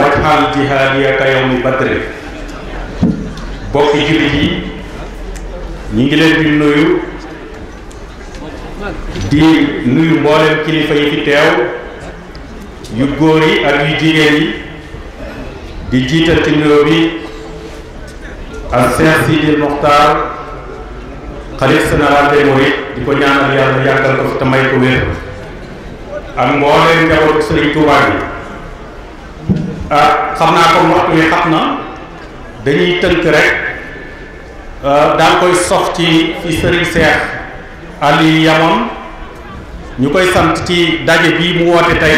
wajhal jihaadiya ka yawmi badrin bokki jullit yi ñu ngi leen di nuyu di nuyu mboolem kilifa yi fi teew yu góor yi ak yu jigéen yi di jiital ci nuyoo bi ak Cheikh Sidil Mokhtar xalif général des mourides di ko ñaanal yàlla yàggal ko fi te may ko wér ak mboolem njabootu Sëriñ Tuubaa bi Euh, xam naa comme waxtu wi xam na dañuy tënk rek euh, daan koy sof ci fi sëriñ Seex Aliou ñu koy sant ci daje bii mu woote tey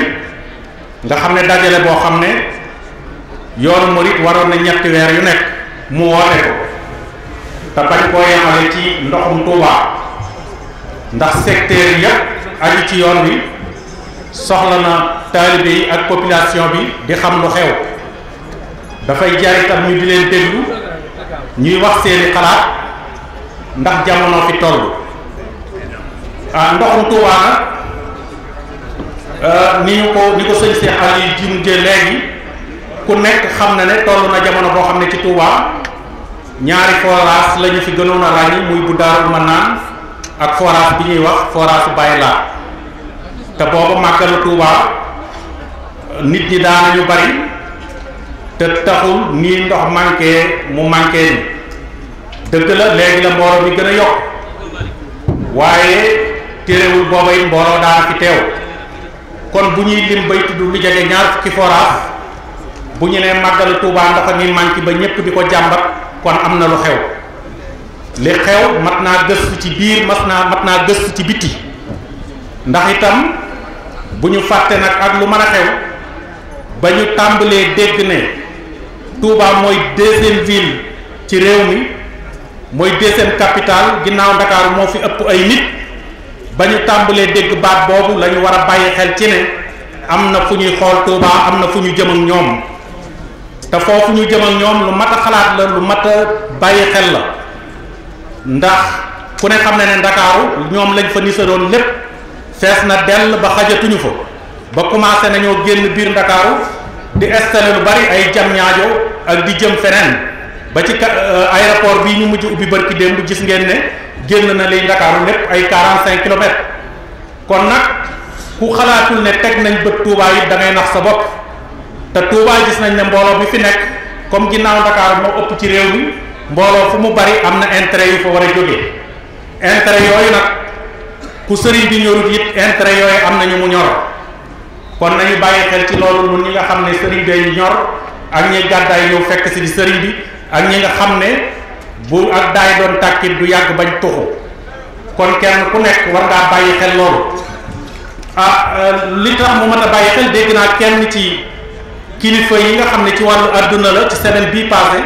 nga xam ne dajale boo xam ne yoonu murit waroon na ñetti weer yu nekk mu woote ko te bañ koo yemale ci ndoxum Tuubaa ndax secteur yëpp aju ci yoon bi soxla na taalibe yi ak population bi di xam lu xew dafay jaay tam ñu di leen déglu ñuy wax seeni xalaat ndax jamono fi toll ah ndoxum Tuubaa nag euh, ni ñu ko ni ko sëñ Cheikh Ali junjee léegi ku nekk xam na ne toll na jamono boo xam ne ci Tuubaa ñaari forage lañu fi gënoon a ràññi muy bu Daarul Manaan ak forage bi ñuy wax forage laa te booba màggalu Tuubaa nit ñi daanañu bari te taxul nii ndox manqué mu manqué ni dëgg la léegi la mbooloo bi gën a yokk waaye téerewul booba it mbooloo daa fi teew kon bu ñuy lim bay tudd lu jege ñaar fukki forage bu ñu nee màggalu Tuubaa ndox mi manqué ba ñépp di ko jàmbat kon am na lu xew li xew mat naa gëstu ci biir mat naa mat naa gëstu ci bitti ndax itam bu ñu fàttee nag ak lu mën a xew ba ñu tàmbalee dégg ne Touba mooy deuxième ville ci réew mi mooy deuxième capitale ginnaaw Dakar moo fi ëpp ay nit ba ñu tàmbalee dégg baat boobu la ñu war a bàyyi xel ci ne am na fu ñuy xool Touba am na fu ñu jëm ak ñoom te foofu ñu jëm ak ñoom lu mat a xalaat la lu mat bàyyi xel la ndax ku ne xam ne ne Ndakaaru ñoom lañ fa doon lépp. fees na dell ba xajatuñu fa ba commencé nañoo génn biir ndakaaru di installé lu bari ay jam ñaajo ak di jëm feneen ba ci euh, aéroport bii ñu mujj ubbi barki démb bu gis ngeen ne génn na liy ndakaaru lépp ay quarante cinq kilomètres kon nag ku xalaatul ne teg nañ bët Touba yi da ngay nax sa bopp te Touba gis nañ ne mbooloo bi fi nekk comme ginnaaw ndakaaru moo ëpp ci réew yi mbooloo fu mu bari am na intere yu fa war a jógee intérêt yooyu nag ku sëriñ bi ñorut it intérêt yooyu am nañu mu ñor kon nañu bàyyi xel ci loolu ñun ñi nga xam ne sëriñ day ñor ak ñi gàddaay ñëw fekk si di sëriñ bi ak ñi nga xam ne bu ak daay doon tàkkit du yàgg bañ tuxu kon kenn ku nekk war ngaa bàyyi xel loolu ah euh, li tax mu mën a bàyyi xel dégg naa kenn ci kilifa yi nga xam ne ci wàllu adduna la ci semaine bii passé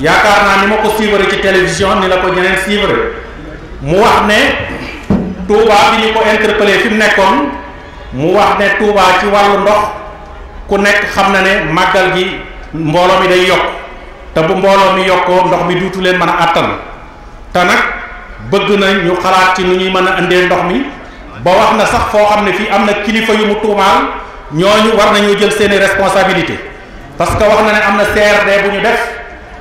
yaakaar naa ni ma ko suivre ci télévision ni la ko ñeneen suivre mu wax ne Touba bi ñu ko interpellé fi mu nekkoon mu wax ne Touba ci wàllu ndox ku nekk xam na ne màggal gi mbooloo mi day yokk te bu mbooloo mi yokkoo ndox mi duutu leen mën a àttan te nag bëgg na ñu xalaat ci nu ñuy mën a indee ndox mi ba wax na sax foo xam ne fii am na kilifa yu mu tuumaal ñooñu war nañoo jël seeni responsabilité parce que wax na ne am na CRD bu ñu def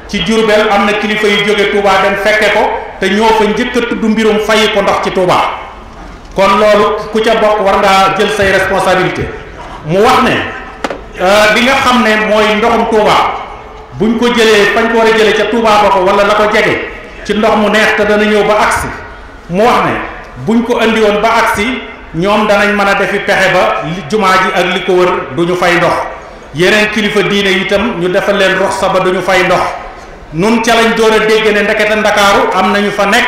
ci Diourbel am na kilifa yu jóge tuubaa dem fekke ko te ñoo fa njëkk a tudd mbirum ndox ci Touba kon loolu ku ca bokk war ngaa jël say responsabilité mu wax ne li euh, nga xam ne mooy ndoxum Touba buñ ko jëlee fañ ko war a jëlee ca Touba ko wala la ko jege ci ndox mu neex te dana ñëw ba agsi mu wax ne buñ ko andi woon ba agsi ñoom danañ mën a defi pexe ba jumaa ji ak li ko wër du ñu fay ndox yeneen kilifa diine itam ñu defal leen ruxsa ba du ñu fay ndox nun ca lañ door a dégg ndakaaru am na ñu fa nekk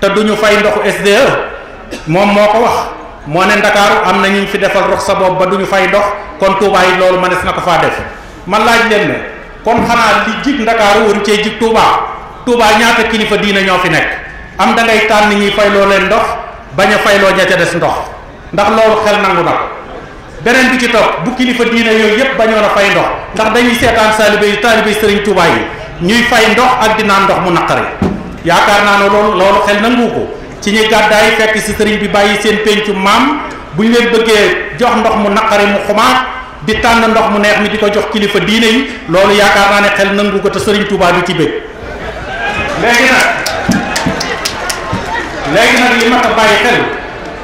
te du ñu fay ndoxu SDE moom moo ko wax moo ne ndakaaru am na ñu fi defal rox sa boobu ba duñu fay dox kon Touba yi loolu mënees na ko faa def man laaj leen ne kon xanaa li jig ndakaaru waru cee jig Touba Touba ñaata kilifa diina ñoo fi nekk am da ngay tànn ñuy fayloo leen ndox bañ a fayloo ña ca des ndox ndax loolu xel nangu na beneen bi ci topp bu kilifa diina yooyu yëpp bañoon a fay ndox ndax dañuy seetaan saalibe yi taalibe sëriñ tuubaay yi ñuy fay ndox ak di naan ndox mu naqari yaakaar naa ne loolu loolu xel nangu ko. ci ñu gàddaay fekk si sëriñ bi bàyyi seen péncu maam bu ñu leen bëggee jox ndox mu naqari mu xumaat di tànn ndox mu neex mi di ko jox kilifa diine yi loolu yaakaar naa ne xel nangu ko te sëriñ Touba du ci bëgg léegi nag léegi nag li ma bàyyi xel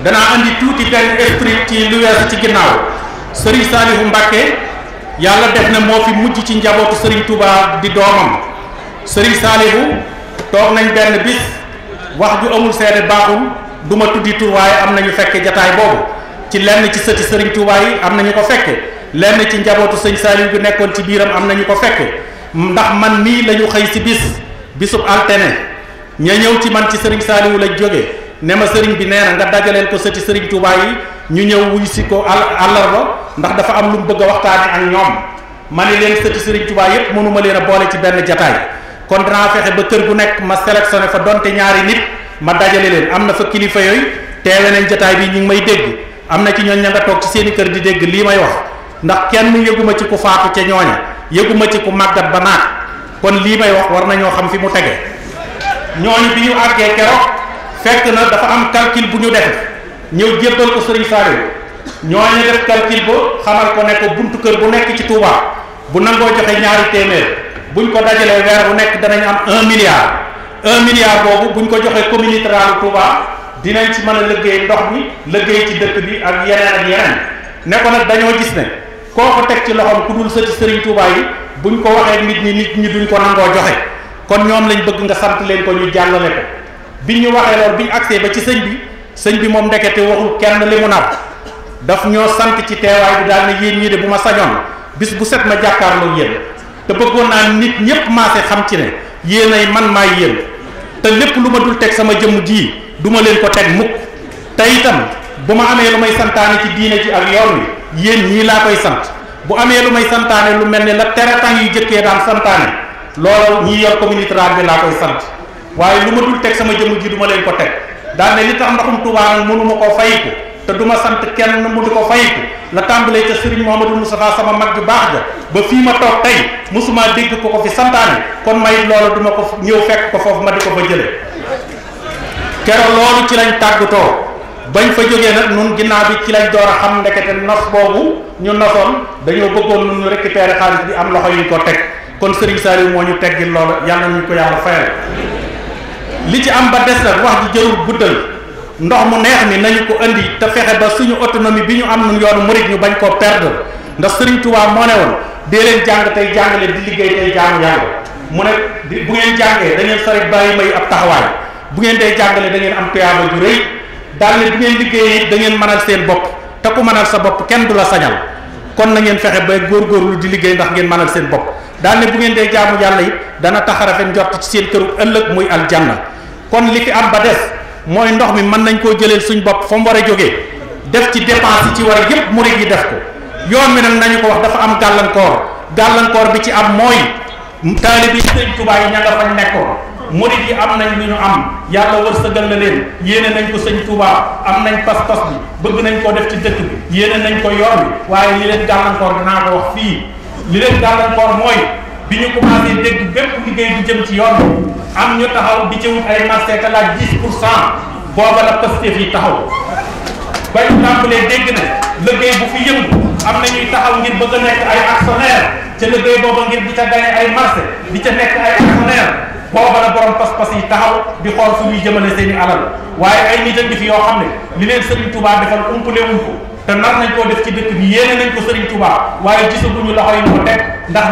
danaa andi tuuti benn esprit ci lu weesu ci ginnaaw sëriñ Saliou Mbacké yàlla def na moo fi mujj ci njabootu sëriñ Touba di doomam sëriñ Saliou toog nañ benn bis wax ju amul seede baaxul du ma tuddi tur waaye am nañu fekke jataay boobu ci lenn ci sëti sëriñ Tuubaa yi am nañu ko fekke lenn ci njabootu sëñ Saliou bi nekkoon ci biiram am nañu ko fekke ndax man nii la ñu xëy si bis bisub altene ña ñëw ci man ci sëriñ Saliou la jóge ne ma sëriñ bi nee na nga dajaleel ko sëti sëriñ Tuubaa yi ñu ñëw wuy si ko àllarba ndax dafa am lu mu bëgg a waxtaane ak ñoom ma ne leen sëti sëriñ Tuubaa yépp mënuma leen a boole ci benn jataay kon danaa fexe ba kër gu nekk ma sélectionné fa donte ñaari nit ma dajale leen am na fa kilifa yooyu te nañ jataay bi ñu ngi may dégg am na ci ñooñ ña nga toog ci seeni kër di dégg lii may wax ndax kenn yëguma ci ku faatu ca ñooña yëguma ci ku màggat ba naat kon lii may wax war nañoo xam fi mu tege ñooñu bi ñu àggee keroog fekk na dafa am calcul bu ñu def ñëw jébbal ko sëriñ Saliou ñooñu def calcul ba xamal ko ne ko buntu kër bu nekk ci Touba bu nangoo joxe ñaari téeméer buñ ko dajalee weer bu nekk danañ am un milliard un milliard boobu buñ ko joxee communauté rurale Touba dinañ ci mën a liggéey ndox mi liggéey ci dëkk bi ak yeneen ak yeneen ne ko nag dañoo gis ne koo ko teg ci loxoom ku dul sëti sëriñ Touba yi buñ ko waxee nit ñi nit ñi duñ ko nangoo joxe kon ñoom lañ bëgg nga sant leen ko ñu jàllale ko biñ ñu waxee loolu biñ agsee ba ci sëñ bi sëñ bi moom ndekete waxul kenn li mu daf ñoo sant ci teewaay daal ne yéen ñii de bu ma sañoon bis bu set ma jàkkaarloo yéen te bëggoon naa nit ñëpp maase xam ci ne yéenay man maay yéen te lépp lu ma dul teg sama jëmm ji duma leen ko teg mukk te itam bu ma amee lu may santaane ci diine ji ak yoon wi yéen ñii laa koy sant bu amee lu may santaane lu mel ne la teratang yu jëkkee daan santaane loolu ñii yor communauté rurale bi laa koy sant waaye lu ma dul teg sama jëmm ji du ma leen ko teg daan ne li tax ndaxum Tuubaa nag koo fay te ma sant kenn mu di ko fayiku la tàmbalee ca ma du Moustapha sama mag ju baax ja ba fii ma toog tey mosumaa dégg ko ko fi santaane kon may loolu duma ko ñëw fekk ko foofu ma di ko fa jële keroog loolu ci lañ tàggatoo bañ fa jógee nag nun ginnaaw bi ci lañ door a xam ndekete nos boobu ñu nosoon dañoo bëggoon nun ñu récupérer xaalis bi am loxo yuñ ko teg kon Serigne Saliou moo ñu teggil loolu yàlla nañu ko yàlla fayal li ci am ba des nag wax ji jërul ndox mu neex mi nañu ko indi te fexe ba suñu autonomie bi ñu am nun yoonu murit ñu bañ koo perdre ndax Serigne Touba moo ne woon dee leen jàng tey jàngale di liggéey tey jaamu yàlla mu ne bu ngeen jàngee da ngeen sori bàyyi may ab taxawaay bu ngeen dee jàngale dangeen am tuyaaba ju rëy daal ne bu ngeen liggéeyee dangeen ngeen mënal seen bopp te ku mënal sa bopp kenn du la sañal kon na ngeen fexe ba góorgóorlu di liggéey ndax ngeen mënal seen bopp daal ne bu ngeen dee jaamu yàlla yi dana tax a rafet njort ci seen këru ëllëg muy aljanna kon li mooy ndox mi mën nañ koo jëlee suñ bopp fa mu war a jógee def ci dépense yi ci war a yépp murid yi def ko yoon mi nag nañu ko wax dafa am gàllankoor gàllankoor bi ci am mooy taalib yi sëñ Tuubaa yi ña nga fañ nekkoon murid yi am nañ lu ñu am yàlla wërsëgal na leen yéene nañ ko sëñ Touba am nañ pas-pas bi bëgg nañ koo def ci dëkk bi yéene nañ ko yoon bi waaye li leen gàllankoor dinaa ko wax fii li leen gàllankoor mooy bi ñu commencé dégg bépp liggéey bu jëm ci yoon am ñu taxaw di ci wut ay marché ka laaj 10 pour cent booba yi taxaw ba ñu tàmbalee dégg ne na ñuy a nekk ay actionnaire ca liggéey booba ngir di ca gañe ay marché bi ca nekk ay actionnaire booba la borom pas-pas yi taxaw di xool fu ñuy jëmale seen i alal waaye ay nit a ngi fi yoo xam ne li leen Serigne Touba defal umpale wuñ ko. te nar nañ koo def ci dëkk bi yéene nañ ko Serigne Touba waaye gisaguñu loxo ñu ko teg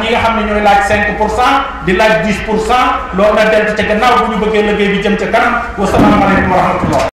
ñi nga xam ne ñooy laaj 5 pour cent di laaj 10 pour cent loolu na dent ca gannaaw bu ñu bëggee liggéey bi jëm ca kanam wasalaamaaleykum wa rahmatullah